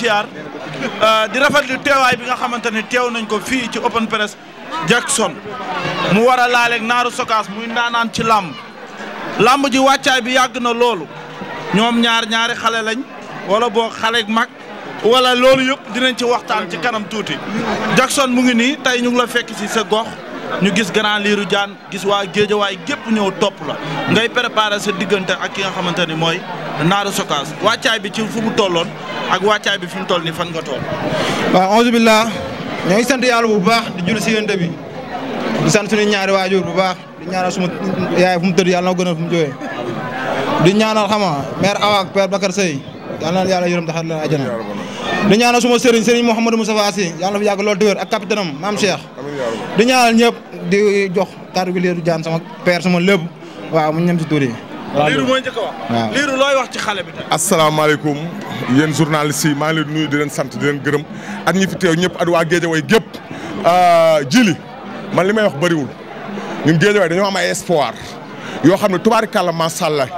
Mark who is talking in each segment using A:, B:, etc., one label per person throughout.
A: siyaar euh, di rafetlu teewaay bi nga xamante ne teew nañ ko fii ci open press Jackson mu war a laaleeg naaru sokaas muy ndaanaan ci làmm làmb ji wàccaay bi yàgg na loolu ñoom ñaar ñaari xale lañ wala boo xale mag wala loolu yëpp dinañ ci waxtaan ci kanam tuuti Jackson mu ngi nii tey ñu ngi la fekk ci sa gox ñu gis ganaan liiru Diane gis waa Géejawaay gépp ñëw topp la ngay préparer sa diggante ak ki nga xamante ni mooy naaru sokaas wàccaay bi ci fu mu tolloon ak wàccaay bi fi mu toll nii fan nga toll.
B: waaw onze billah ñoo ngi sant yàlla bu baax di julli si yéen bi di sant suñu ñaari waajur bu baax di ñaanal suma yaay fu mu tëdd yàlla na ko gënal fu mu jógee di ñaanal xama mère Awa ak père Bakar Seye yàlla na yàlla yërëm taxaw leen àjjana di ñaanal suma sëriñ sëriñ Mouhamadou Moustapha Sy yàlla na fi yàgg lool dëgër ak capitaine am maam Cheikh di ñaanal ñëpp di jox kàddu gi leedu jaan sama père sama lépp
C: waaw mu ñem si tur liiru mooy
B: njëkk a wax. waaw liiru
C: looy wax ci xale bi tey. asalaamaaleykum yéen journalistes si maa ngi leen nuyu di leen sant di gërëm ak ñi fi teew ñëpp at waa Géejawaay gépp ah, jili man li may wax bariwul ñun Géejawaay dañoo am ay espoir yoo xam ne tubaarikàlla macha allah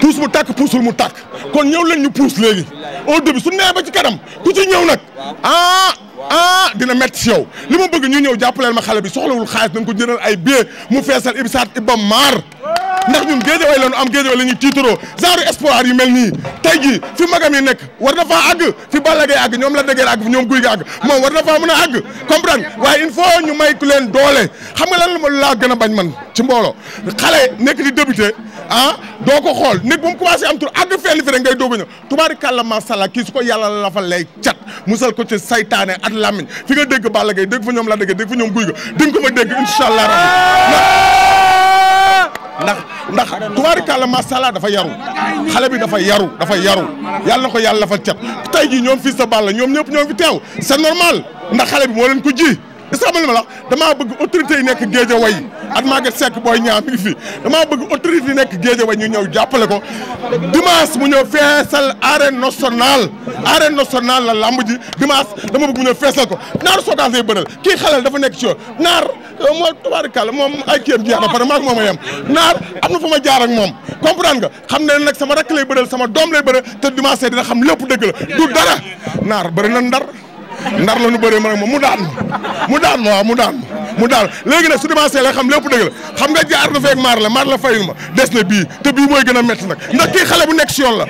C: puus mu takk puusul mu tàkk kon ñëw leen ñu puus léegi au début su nee ci kanam ku ci ñëw nag ah, ah dina met si yow li ma bëgg ñu ñëw jàppaleel ma xale bi soxlawul xaalis nañ ko jëndal ay billets mu feesal ibsaat ibam maar ndax ñun géejawaay la ñu am géejawaay la ñuy tiitaroo genre espoir yu mel nii tey jii fi magam yi nekk war na faa àgg fi Balla Gaye àgg ñoom la dëgër àgg ñoom guy ga àgg moom war na faa mën a àgg comprendre waaye il faut ñu may ku leen doole xam nga lan la ma laa gën a bañ man ci mbooloo xale nekk di débuté ah doo ko xool nit bu mu commencé am tur àgg fenn fi rek ngay doog a ñëw tubaari kàlla masalla kii su ko yàlla la fa lay cat musal ko ci saytaane nga dégg Balla Gaye dégg fa ñoom la dëgër dégg ndax ndax tubaarikàlla masala dafa yaru xale bi dafa yaru dafa yaru yàlla na ko yàlla fa cet tey jii ñoom fils de la ñoom ñëpp ñoom fi teew c'est normal ndax xale bi moo leen ko ji gis nga ma la damaa bëgg autorité yi nekk Géejawaay ak Maguette Seck booy ñaar mi ngi fi damaa bëgg autorité i nekk Géejawaay ñu ñëw jàppale ko dimanche mu ñëw feesal arène nationale arène nationale la lamb ji dimanche dama bëgg mu ñëw feesal ko naar soo dansee bënal kii xelal dafa nekk ci yoon naar euh, moo tabaarkalla moom ay kiyam jeex na pare maa moom a yem naar am na fu ma jaar moom comprendre nga xam ne nag sama rakk lay bëral sama doom lay bëral te dimanche dina xam lépp la du dara naar bëri na ndar ndar la nu bëree ma nag moom mu daan ma mu daan ma mu daan ma mu daal léegi nag su demancé la xam lépp dëgg la xam nga jaar na feek maar la maar la fayul ma des na bii te bii mooy gën a métti nag ndax kii xale bu nekk si yoon la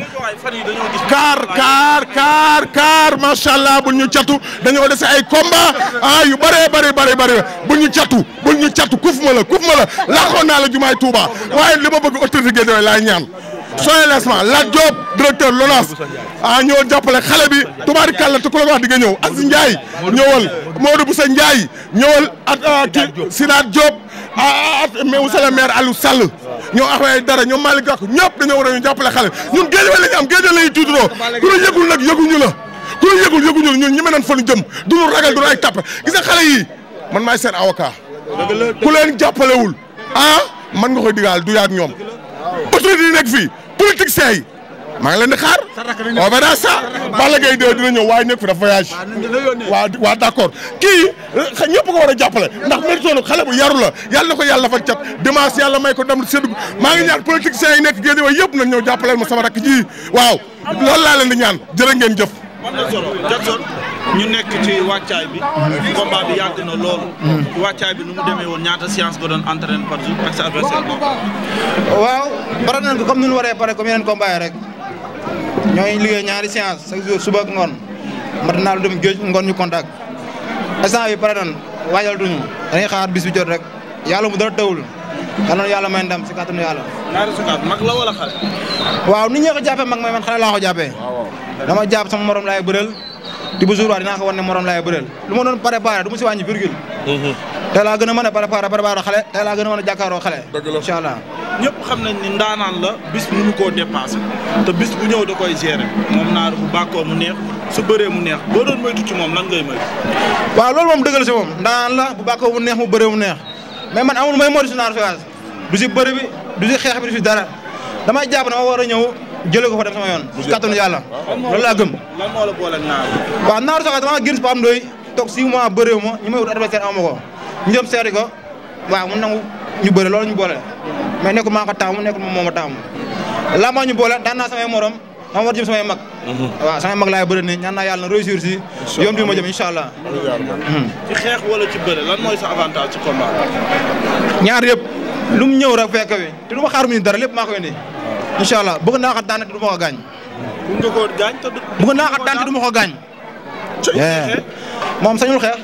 C: kaar kaar kaar kaar macha allah bul ñu catu dañoo dese ay combat ah yu bëree bëri bëri bëri bul ñu catu bul ñu catu kuf ma la kuf ma la laaxoon naa la jumaay Touba waaye li ma bëgg autorité Guédiawaye laay ñaan soyez laissement la Diop directeur LONASE ah ñoo jàppale xale bi tubaari kàlla te ku la wax di nga ñëw Aziz Ndiaye ñëwal Modou Boussa Ndiaye ñëwal ak si ah, Sidaat Diop ah ah, ah monsieur le maire Aliou Sall ñoo axwee dara ñoom Malick Gakou ñëpp dañoo war a ñu jàppale xale ñun géej la ñu am géej la ñuy tuuturoo ku ñu yëgul nag yëguñu ku ñu yëgul yëguñu la ñun ñi mënoon fa ñu jëm duñu ragal duñu ay tàppe gis nga xale yii man maay seen avocat ku leen jàppalewul ah man nga koy digaal du yaag ñoom autorité yi politiciens yi maa ngi leen di xaar. on verra ça Balla Gaye 2 dina ñëw waaye nekk fi dafa voyage. waaw waaw kii ñëpp ko war a jàppale ndax méritoonu xale bu yaru la yàlla na ko yàlla fa cat dimanche yàlla may ko dem séddu maa ngi ñaan politiciens yi nekk géej yëpp nañ ñëw jàppaleel ma sama rakk ji waaw loolu laa leen di ñaan jërë ngeen jëf.
A: ñu nekk ci wàccaay bi combat bi yàgg na lool. wàccaay bi nu mu demee ñaata séance nga doon entraîné par jour ak sa adversaire
B: waaw pare nañ ko comme ni ñu waree pare comme yeneen combat yi rek ñooy liggéey ñaari séance chaque jour ngoon mat naa lu dem géej ngoon ñu contact instant bi pare nañ waajal duñu dañuy xaar bis bi rek yàlla mu dara tawul xanaa yàlla may ndam si kàttanu yàlla. ñaari sukaat mag la wala xale. waaw ni ñoo ko jàppee may man xale laa ko jàppee. dama jàpp sama di ba jour waa dinaa ko wan ne morom laay bëreel lu ma doon préparé du ma si wàññi virgule mhm. tey laa gën a mën a préparé préparé xale tey laa gën a mën a
A: xale ñëpp xam nañ ni ndaanaan la bis mënu koo dépassé
B: te bis bu ñëw
A: da koy gérer moom naaru bu bàkkoo mu neex su bëree mu neex boo doon moytu ci moom lan ngay moytu
B: waaw loolu moom dëggal moom ndaanaan la bu bàkkoo mu neex mu bëree mu neex mais man amul may moytu si naaru Sogas du si bëri a jëlee ko fa dem sama yoon. bu kattanu yàlla loolu laa gëm.
A: lan moo la boole ak naaru.
B: waaw naaru sax damaa gën Pape Ndoye ma ñu may wut adversaire amu ma ko ñu dem seeti ko waaw mu nangu ñu bëri loolu ñu boole mais nekkul maa ko taamu nekkul moom moo ma taamu laa maa ñu boole daan naa samay morom dama war jëm samay mag. Mhm. waaw samay mag laay bëri nii ñaan naa yàlla na réussir si. incha allah yoon jëm incha allah.
A: Mhm.
B: ñaar yëpp lu ñëw rek fekk wi te ma xaar mu dara lépp maa koy incha allah bëgg naa ko daan du ma ko gaañ. bëgg nga koo gaañ te du. bëgg naa moom sañul xeex.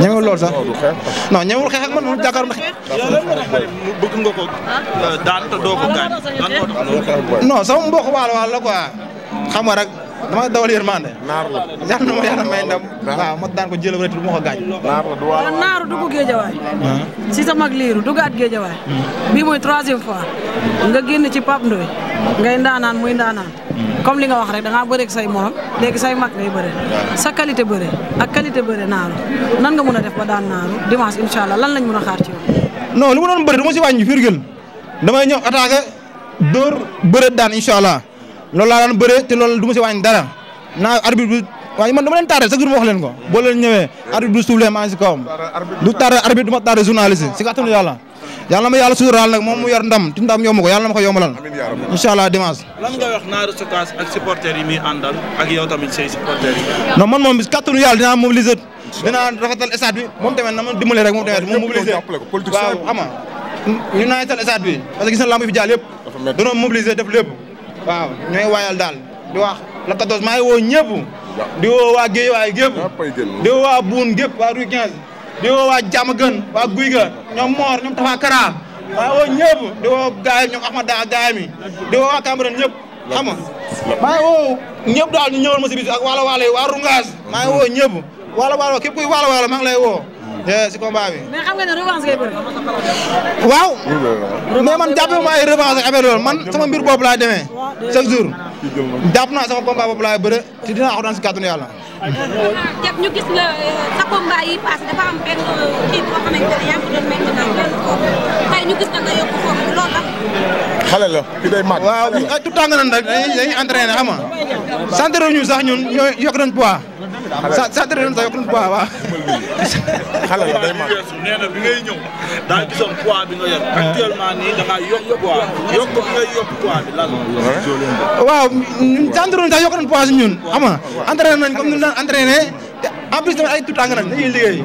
B: ñemewul lool sax non ñemewul xeex ak man moom jàkkaarloo ndax.
A: bëgg nga ko ah. euh, daan
B: te waalo waalo la quoi xam nga rek. dama dawal yërmande. naar la yàlla na ma yàlla may ndam. waaw ma daan ko jëlee ba du ma ko gaañ. naar la du waaw waaw
A: naaru dugg géejawaay. si sama ak liiru duggaat géejawaay. bii mooy troisième fois. nga génn ci Pape Ndoye. ngay ndaanaan muy ndaanaan. comme li nga wax rek da ngaa say moom léegi say mag ngay bëre sa qualité bëre a qualité bëre naaru nan nga mën a def ba daan naaru dimanche incha allah lan lañ mën a xaar ci yow.
B: non li ma doon bëri du ma si wàññi firgël damay ñëw attaqué dóor bë daan incha allah loolu laa daan bëre te loolu du ma si wàññi dara naa arbitre bi waaye man dama leen tardé sa jour ma wax ko boo leen ñëwee arbitre bi suuflee maa ngi si kawam du tardé arbitre du ma tardé journaliste si kàttanu ma yàlla suturaal nag moom mu yor ndam ti ndam yomb ko yàlla ma ko yombalal incha allah dimanche
A: lan nga wax naaru Sogas ak supporters yi muy àndal ak yow tamit say
B: moom bis na ma dimbale rek moom tamit mu mobiliser waaw waaw ñooy waayal daal di wax la 14 woo ñëpp. di woo waa Guédiawaye gépp di woo waa Boune gépp waa Rue 15. di woo waa Diamaguène waa Guy ga ñoom Mor ñoom Tafa Kara woo ñëpp di woo gaay ñoom Ahmada ak gaay mi di woo waa Cambérène ñëpp xam nga woo ñëpp daal ñu ñëwal ma si ak waalo waalo yi Rungaas maa woo ñëpp waalo waalo képp kuy waalo waalo maa lay woo Eh, si combat bi.
A: mais xam nga ne revanche ngay bëri.
B: waaw. man jàppee ma mbir bopp laay demee. chaque jour. jàpp naa sama combat bopp laay bëre te dinaa wax daan si kàttanu yàlla.
C: xale la ki day màgg. waaw ñu ay tout tàng nañ rek dañuy dañuy
A: entraîné xam nga centre
B: ñu sax ñun ñoo yokk nañ poids. xale la centre ñu sax yokk nañ poids waaw.
A: xale la day màgg. nee na bi ngay ñëw daa gisoon poids bi nga yor. actuellement nii da ngaa yokk poids yokk bi ngay yokk poids bi lan
B: la. waaw ñun centre ñu sax yokk nañ poids si ñun xam nga entraîné nañ comme ni ñu daan entraîné te en plus tamit ay tout tàng nañ dañuy liggéey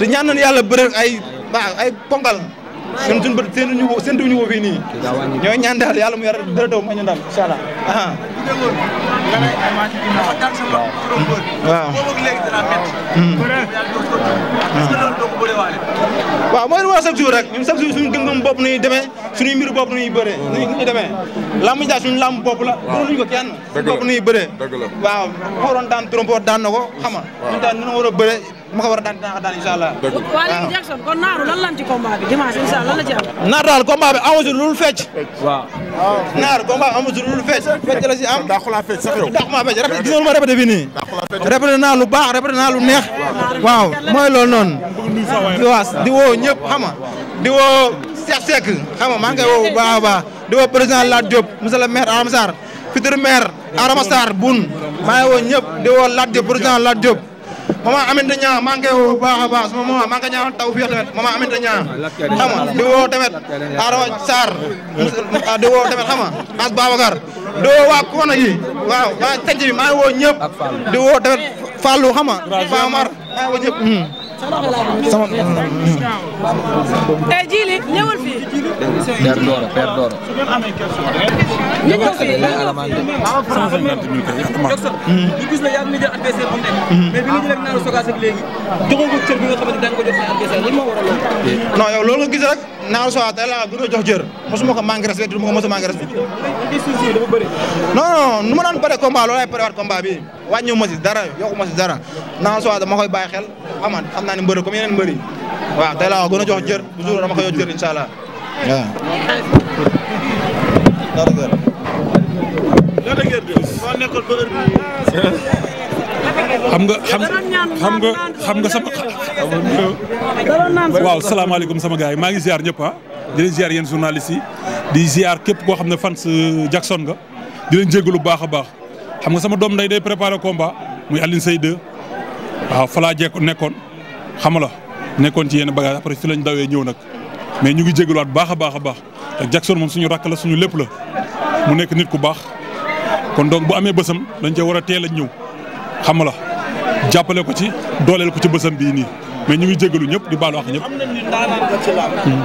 D: te ñaan nañu yàlla bëre
B: ay ay ponkal. ñun suñu bët séntuñu woo séntuñu woo fii nii. ñooy ñaan daal yàlla mu yar dara daw ma ñu ndam incha allah. waaw. mooy li ma wax chaque jour rek ñun chaque jour suñu bopp nuy demee. suñuy mbiru bopp nuñuy bëree nuñu ñu demee lamb bopp la luñu ko kenn suñu bopp nuñuy bëree waaw ma waroon daan trompo daan na ko xam nga ñun a bëree ma ko war a daan dinaa ko daan incha allah waa léegi
A: Jackson kon naaru lan lan ci combat bi dimanche incha allah lan la ci am
B: naar daal lu fecc waaw naar combat bi la si am daa xulaa fecc sax yow daa xulaa fecc répété gis nga lu ma répété fii nii répété di woo ñëpp xam di woo Cheikh Seck xam nga maa ngi koy woo bu a baax di woo président Lat Diop monsieur le maire Arama Sarr futur maire Arama Sarr woo ñëpp di woo Lat Diop président Lat Diop maman Aminata Niang maa ngi woo bu baax a baax maa ngi koy ñaanal taw fii tamit maman Aminata Niang xam nga di woo tamit Arama Sarr di woo tamit xam nga di woo waa Kona yi waaw waa sanc bi woo ñëpp di woo tamit Fallou xam nga Famar maa ngi woo sama. eh Jili ñëwal
A: fii. Père Dora Père Dora. Ah, ah,
B: ñu gis la hmm. nga jël ak Narou Sogas ak léegi joxoo loolu hmm. gis rek Narou Sogas tey jox cër mosuma ko manqué respect du ma mos a manqué respect non non nu ma daan bëre combat loolu ay bëre waat combat bi wàññiwu ma si dara yokku ma si dara Narou Sogas dama koy bàyyi xel xam nga xam naa ne mbëri comme yeneen mbëri waaw tey laa gën a jox cër bu jour dama koy jox cër incha allah
C: xam nga
D: xam
A: xam nga xam
D: nga sama.
C: waaw salaamaaleykum
D: sama gars yi maa ngi ziar ñëpp ah. di leen ziar yéen journalistes yi di ziar képp koo xam ne fans euh, Jackson nga di leen jégalu bu baax a baax xam nga sama doom nday day préparé komba muy Alioune Seye 2 waaw fa laa nekkoon xam la nekkoon ci yenn bagage après fi lañ dawee ñëw nag mais ñu ngi jégaluwaat baax a baax a baax te Jackson moom suñu rakk la suñu lépp la mu nekk nit ku baax. kon donc bu amee bësam dañ cee war a teel a ñëw xam la jàppale ko ci dooleel ko ci bësam bii nii mais ñu ngi jégalu ñëpp di baalu ñu hmm. hmm.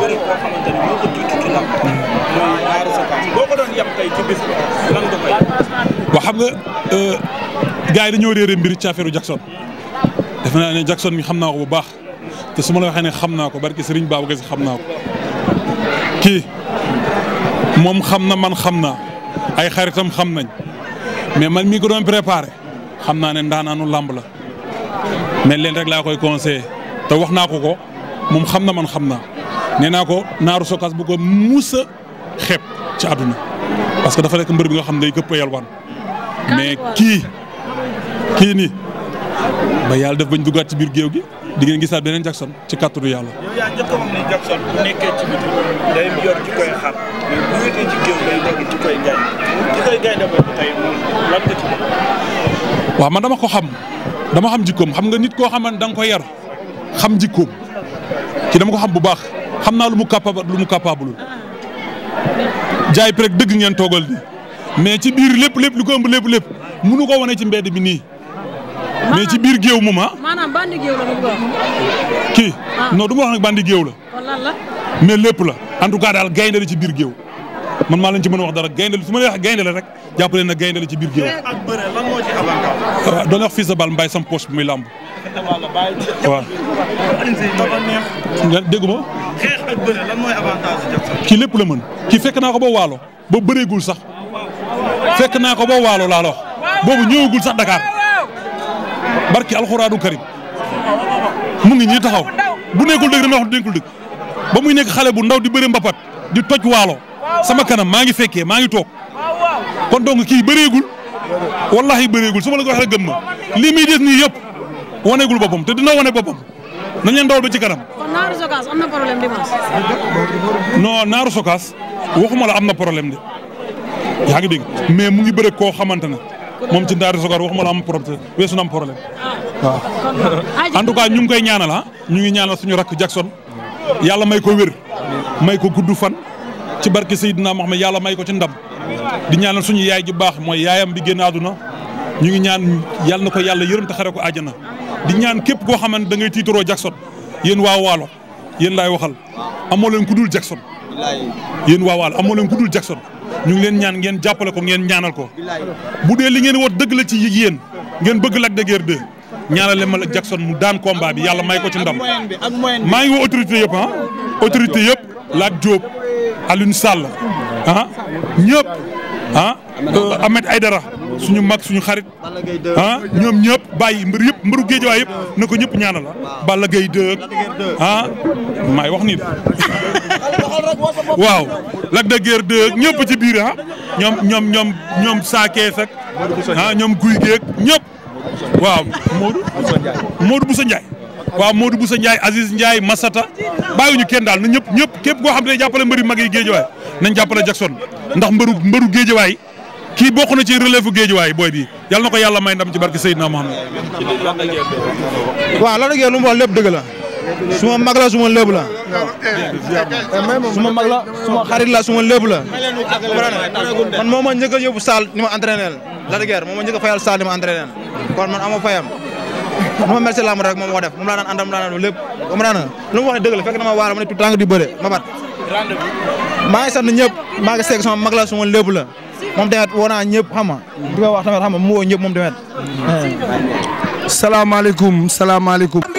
D: bëri koo xamante ni moo hmm. xam nga euh, gaa yi dañoo réeré mbir ci affaire Jackson defe naa ne Jackson mi xam naa ko bu baax te su ma la waxee ne xam naa ko barki Serigne Babacar Sy xam naa ko kii moom xam na man xam naa. ay xaritam xam nañ mais man mii ko doon prépare xam naa ne ndaanaanu làmb la mais leen rek laa koy conseillé te wax naa ko ko moom xam na man xam naa nee naa ko naaru sokaas bu ko muusa xeeb ci àdduna parce que dafa nekk mbër bi nga xam ne day këpp yalwaan mais kii kii nii ba yàlla def bañ duggaat ci biir géew gi di ngeen gisaat beneen Jackson ci kàttanu yàlla njëkk wax ne man dama ko xam dama xam jikkoom xam nga nit koo xam danga ko yar xam jikkoom ci dama ko xam bu baax xam naa lu mu capable lu mu capable jaay prek dëgg ngeen toogal nii mais ci biir lépp lépp lu ko ëmb lépp lépp mënu ko wane ci mbedd bi nii. mais ci biir géew moom ah.
A: maanaam géew la kii ah. non du
D: ma wax bandi géew la. kon mais lépp la en tout cas daal gaynde la ci biir géew man maa leen ci mën a wax dara gaynde la su ma la waxee gaynde la rek jàpp na gaynde la ci biir géew.
A: ak bëre lan moo ci avantage.
D: Euh, waaw muy làmb. waaw. kii lépp la mën kii fekk naa ko ba waalo ba bëreegul sax fekk naa ko ba waalo laalo la wax boobu ñëwagul sax Dakar. barki alxuraanu karim mu ngi ñii taxaw bu nekkul dëgg damay wax nekkul dëgg ba muy nekk xale bu ndaw di bëre mbapat di toj waalo sama kanam maa ngi fekkee maa ngi toog kon donc kii bëreegul wallahi i su ma la ko waxee gëm ma lii muy def nii yëpp waneegul boppam te dina wane boppam nañ leen dawal ba ci kanam.
A: kon Naaru Sokaas am na problème
D: Naaru Sokaas waxuma la am na problème de yaa ngi dégg mais mu ngi bëre koo xamante ne. moom ci Daaru Sokor waxuma la am problème weesu na am problème waaw. Ah. en tout cas ñu ngi koy ñaanal ah ñu ngi ñaanal suñu rakk Jackson yàlla may ko wér may ko gudd fan ci barke Seydina Muhammad yàlla may ko ci ndam di ñaanal suñu yaay ji baax mooy yaayam bi génn àdduna ñu ngi ñaan yàlla na ko yàlla yërëm te xare ko àjjana di ñaan képp koo xamante da ngay tiitaroo Jackson yéen waa Waalo yéen laay waxal amoo leen ku dul Jackson yéen waa Waalo amoo leen ku dul ñu ngi leen ñaan ngeen jàppale ko ngeen ñaanal ko bu dee li ngeen wot dëgg la ci yéen ngeen bëgg Lac de Guiers 2 ñaanale ma ak Jackson mu daan combat bi yàlla may ko ci ndam
A: maa ngi woo autorité yëpp ah
D: autorité yëpp Lat Diop Alioune Sall ah ñëpp ah euh, Ahmed Aïdara suñu mag suñu xarit ah ñoom ñëpp bàyyi mbër yëpp mbëru géejawaay yëpp na ko ñëpp ñaanal ah. Balla Gaye 2 ah maay wax nii de waaw Lac de Guiers 2 ñëpp ci biir ah ñoom ñoom ñoom ñoom saakees ak ah, ñoom guy geeg ñëpp waaw Modou Modou Boussa Ndiaye waaw Modou Boussa Ndiaye Aziz Ndiaye Massata bàyyiwuñu kenn daal na ñëpp ñëpp képp koo xam ne jàppale mbëri mag yi géejawaay nañ jàppale Jackson ndax mbëru géejawaay kii bokk na ci relève bu booy bi yàlla na ko yàlla may ndam ci barke Seydina Mohamed.
B: waaw lan la ngeen lu mu wax lépp dëgg la. suma mag la suma lépp la. la suma xarit la suma lépp la. man moo ma njëkk a yóbbu saal ni ma entraîné la. la guerre moo fayal saal ni ma entraîné kon man ama fayam. nu ma mel si làmb rek moom moo def moom laa daan àndal mu daan lépp ba mu daan lu mu wax ne dëgg na ma waar ma ne tout di bëre ma bat. maa ngi sant maa ngi seeg sama mag la suma lépp la. moom tamit woo naa ñëpp xam nga di ko mu woo ñëpp moom tamit. salaamaaleykum salaamaaleykum.